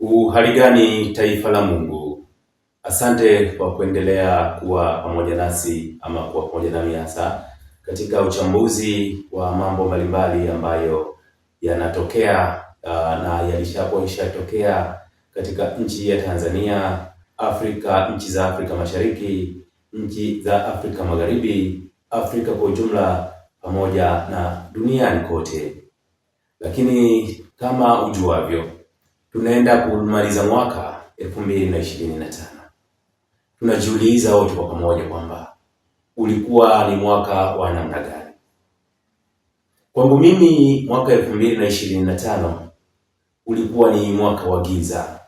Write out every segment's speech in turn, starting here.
Uhali gani taifa la Mungu, asante kwa kuendelea kuwa pamoja nasi ama kuwa pamoja nami hasa katika uchambuzi wa mambo mbalimbali ambayo yanatokea uh, na yalishakuwa ishatokea katika nchi ya Tanzania, Afrika, nchi za Afrika Mashariki, nchi za Afrika Magharibi, Afrika kwa ujumla pamoja na duniani kote, lakini kama ujuavyo Tunaenda kumaliza mwaka elfu mbili na ishirini na tano. Tunajiuliza wote kwa pamoja kwamba ulikuwa ni mwaka wa namna gani? Kwangu mimi mwaka elfu mbili na ishirini na tano ulikuwa ni mwaka wa giza,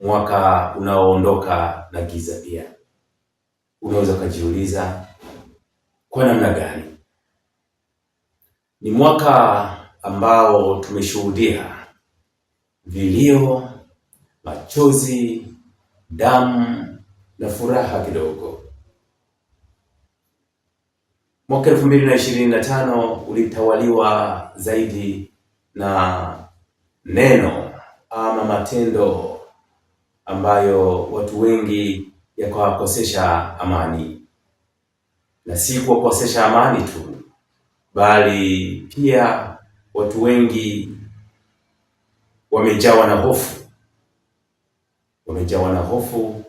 mwaka unaoondoka na giza pia. Unaweza ukajiuliza kwa namna gani? Ni mwaka ambao tumeshuhudia vilio, machozi, damu na furaha kidogo. Mwaka elfu mbili na ishirini na tano ulitawaliwa zaidi na neno ama matendo ambayo watu wengi yakawakosesha amani, na si kuwakosesha amani tu, bali pia watu wengi wamejawa na hofu, wamejawa na hofu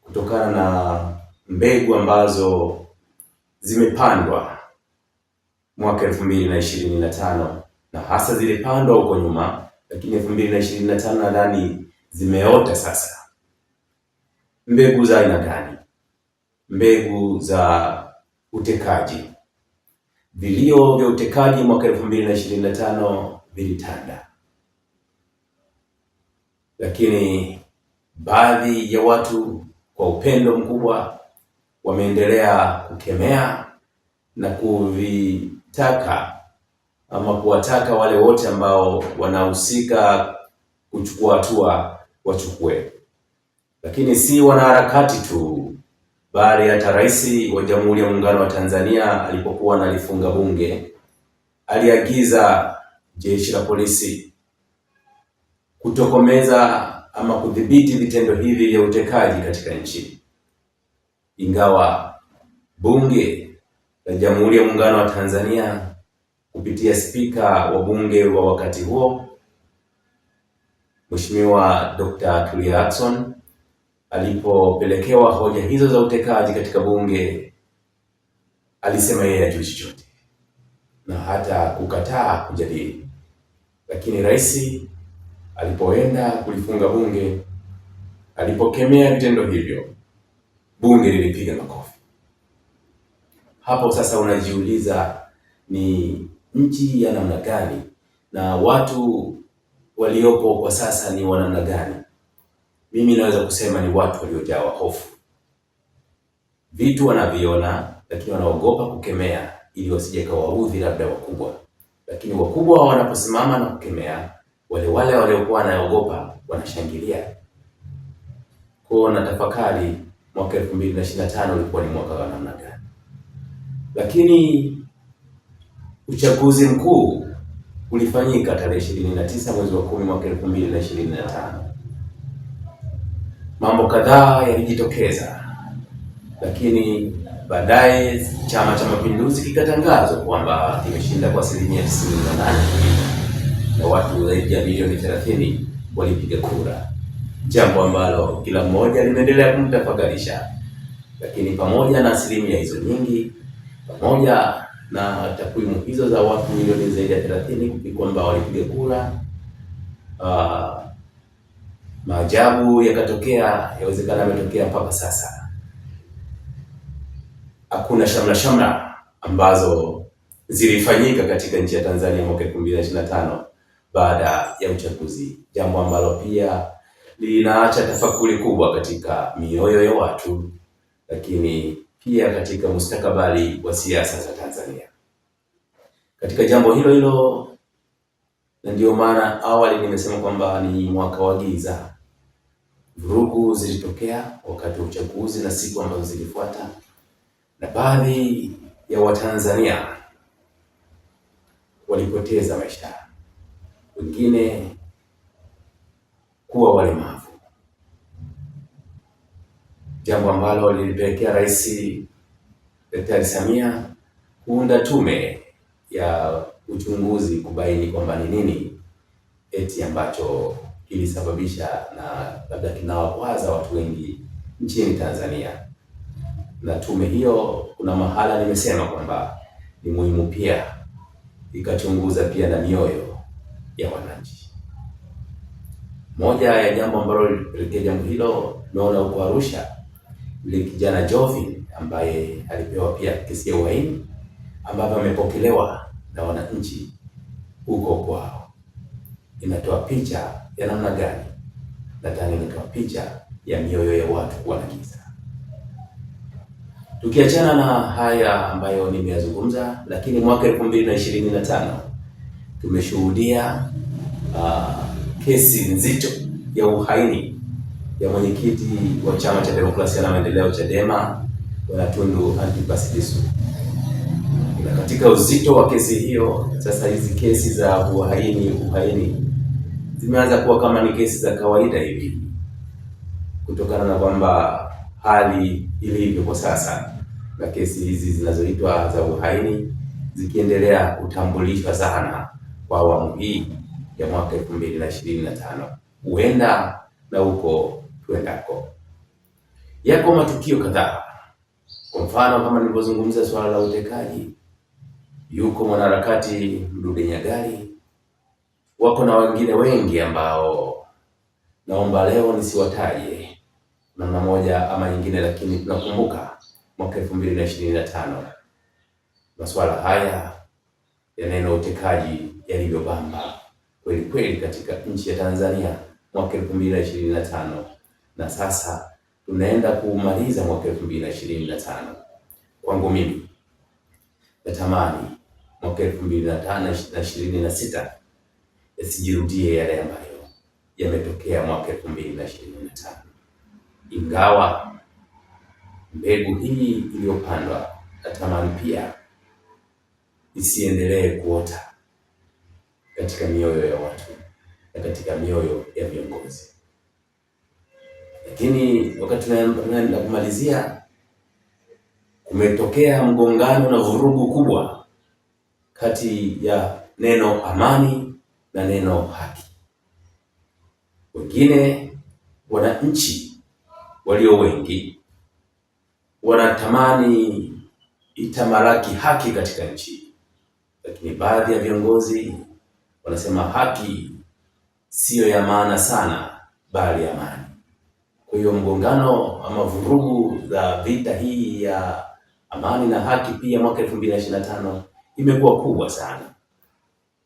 kutokana na mbegu ambazo zimepandwa mwaka elfu mbili na ishirini na tano na hasa zilipandwa huko nyuma, lakini elfu mbili na ishirini na tano nadhani zimeota sasa. Mbegu za aina gani? Mbegu za utekaji. Vilio vya utekaji mwaka elfu mbili na ishirini na tano vilitanda lakini baadhi ya watu kwa upendo mkubwa wameendelea kukemea na kuvitaka ama kuwataka wale wote ambao wanahusika kuchukua hatua wachukue, lakini si wanaharakati tu, bali hata Rais wa Jamhuri ya Muungano wa Tanzania alipokuwa analifunga bunge aliagiza jeshi la polisi kutokomeza ama kudhibiti vitendo hivi vya utekaji katika nchi, ingawa bunge la Jamhuri ya Muungano wa Tanzania kupitia spika wa bunge wa wakati huo Mheshimiwa Dr. Tulia Ackson alipopelekewa hoja hizo za utekaji katika bunge, alisema yeye hajui chochote na hata kukataa kujadili, lakini rais alipoenda kulifunga bunge, alipokemea vitendo hivyo, bunge lilipiga makofi. Hapo sasa unajiuliza ni nchi ya namna gani na watu waliopo kwa sasa ni wa namna gani? Mimi naweza kusema ni watu waliojawa hofu, vitu wanaviona, lakini wanaogopa kukemea ili wasije kawaudhi labda wakubwa, lakini wakubwa wanaposimama na kukemea wale wale waliokuwa wanaogopa wanashangilia. Kwao na tafakari mwaka 2025 ulikuwa ni mwaka wa namna gani? Lakini uchaguzi mkuu ulifanyika tarehe 29 mwezi wa 10 mwaka 2025. Mambo kadhaa yalijitokeza, lakini baadaye Chama cha Mapinduzi kikatangazwa kwamba kimeshinda kwa asilimia 98 na watu zaidi ya milioni 30 walipiga kura, jambo ambalo kila mmoja limeendelea kumtafakarisha. Lakini pamoja na asilimia hizo nyingi, pamoja na takwimu hizo za watu milioni zaidi ya 30 ni kwamba walipiga kura, uh, maajabu yakatokea, yawezekana yametokea mpaka sasa. Hakuna shamra shamra ambazo zilifanyika katika nchi ya Tanzania mwaka 2025 baada ya uchaguzi, jambo ambalo pia linaacha tafakuri kubwa katika mioyo ya watu, lakini pia katika mustakabali wa siasa za Tanzania katika jambo hilo hilo. Na ndiyo maana awali nimesema kwamba ni mwaka wa giza. Vurugu zilitokea wakati wa uchaguzi na siku ambazo zilifuata, na baadhi ya Watanzania walipoteza maisha wengine kuwa walemavu, jambo ambalo lilipelekea Rais Daktari Samia kuunda tume ya uchunguzi kubaini kwamba ni nini eti ambacho kilisababisha na labda kinawakwaza watu wengi nchini Tanzania. Na tume hiyo, kuna mahala nimesema kwamba ni muhimu pia ikachunguza pia na mioyo ya wananchi. Moja ya jambo ambalo lilipelekea jambo hilo naona huko Arusha, ni kijana Jovin ambaye alipewa pia kesi ya uhaini, ambapo amepokelewa na wananchi huko kwao, inatoa picha ya namna gani? Nadhani inatoa picha ya mioyo ya watu kuwa na giza. Tukiachana na haya ambayo nimeyazungumza, lakini mwaka elfu mbili na ishirini na tano tumeshuhudia uh, kesi nzito ya uhaini ya mwenyekiti wa chama cha demokrasia na maendeleo Chadema Bwana Tundu Antipas Lissu. Na katika uzito wa kesi hiyo, sasa hizi kesi za uhaini uhaini zimeanza kuwa kama ni kesi za kawaida hivi, kutokana na kwamba hali ilivyo kwa sasa na kesi hizi zinazoitwa za uhaini zikiendelea kutambulishwa sana kwa awamu hii ya mwaka elfu mbili na ishirini na tano huenda na huko tuendako. Yako matukio kadhaa. Kwa mfano kama nilivyozungumza swala la utekaji, yuko mwanaharakati Mdude Nyagali, wako na wengine wengi ambao naomba leo nisiwataje namna moja ama nyingine, lakini tunakumbuka mwaka elfu mbili na ishirini na tano masuala haya ya neno utekaji yaliyobamba kweli kweli katika nchi ya Tanzania mwaka 2025 na sasa tunaenda kuumaliza mwaka 2025. Kwangu mimi natamani mwaka 2025 na sita yasijirudie yale ambayo yametokea mwaka 2025, ingawa mbegu hii iliyopandwa natamani pia isiendelee kuota katika mioyo ya watu na katika mioyo ya viongozi. Lakini wakati kumalizia, kumetokea mgongano na vurugu kubwa kati ya neno amani na neno haki. Wengine wananchi walio wengi wanatamani itamaraki haki katika nchi, lakini baadhi ya viongozi wanasema haki siyo ya maana sana, bali amani. Kwa hiyo mgongano ama vurugu za vita hii ya amani na haki pia mwaka 2025 imekuwa kubwa sana,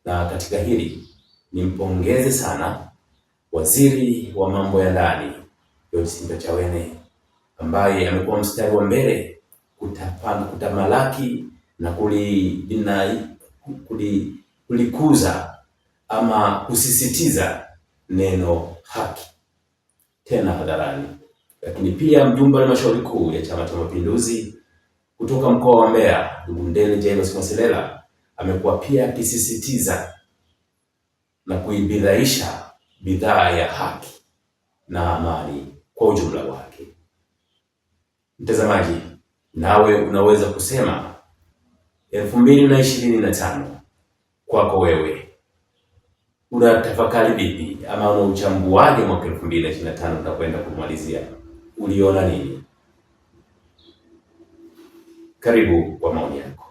na katika hili nimpongeze sana waziri wa mambo ya ndani Joyce Ndachawene ambaye amekuwa mstari wa mbele kutamalaki na kulikuza kuli, kuli ama kusisitiza neno haki tena hadharani. Lakini pia mjumbe wa halmashauri kuu ya Chama cha Mapinduzi kutoka mkoa wa Mbeya, ndugu Mndeni James Mwaselela amekuwa pia akisisitiza na kuibidhaisha bidhaa ya haki na amani kwa ujumla wake. Mtazamaji, nawe unaweza kusema elfu mbili na ishirini na tano kwako wewe una tafakari vipi ama una uchambuaje mwaka 2025 tunakwenda kumalizia, uliona nini? Karibu kwa maoni yako.